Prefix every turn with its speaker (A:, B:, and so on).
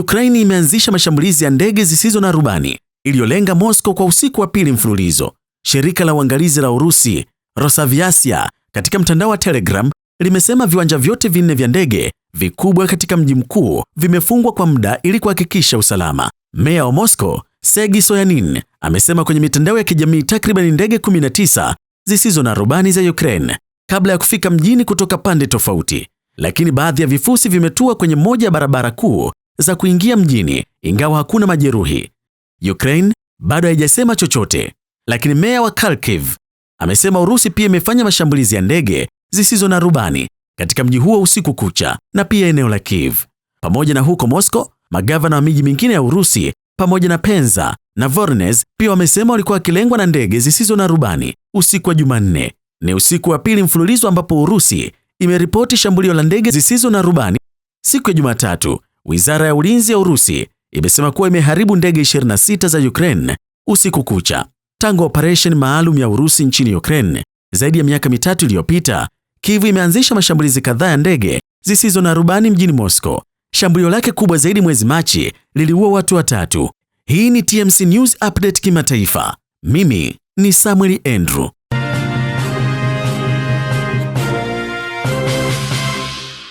A: Ukraine imeanzisha mashambulizi ya ndege zisizo na rubani iliyolenga Moscow kwa usiku wa pili mfululizo. Shirika la uangalizi la Urusi Rosaviasia katika mtandao wa Telegram limesema viwanja vyote vinne vya ndege vikubwa katika mji mkuu vimefungwa kwa muda ili kuhakikisha usalama. Meya wa Moscow Sergei Soyanin amesema kwenye mitandao ya kijamii takriban ndege 19 zisizo na rubani za Ukraine kabla ya kufika mjini kutoka pande tofauti, lakini baadhi ya vifusi vimetua kwenye moja ya barabara kuu za kuingia mjini, ingawa hakuna majeruhi. Ukraine bado haijasema chochote, lakini meya wa Kharkiv amesema Urusi pia imefanya mashambulizi ya ndege zisizo na rubani katika mji huo usiku kucha na pia eneo la Kiev. Pamoja na huko Moscow, magavana wa miji mingine ya Urusi pamoja na Penza na Voronezh pia wamesema walikuwa wakilengwa na ndege zisizo na rubani usiku wa Jumanne. Ni usiku wa pili mfululizo ambapo Urusi imeripoti shambulio la ndege zisizo na rubani siku ya Jumatatu Wizara ya Ulinzi ya Urusi imesema kuwa imeharibu ndege 26 za Ukraine usiku kucha tangu operation maalum ya Urusi nchini Ukraine zaidi ya miaka mitatu iliyopita. Kiev imeanzisha mashambulizi kadhaa ya ndege zisizo na rubani mjini Moscow. Shambulio lake kubwa zaidi mwezi Machi liliua watu watatu. Hii ni TMC News Update kimataifa. Mimi ni Samuel Andrew.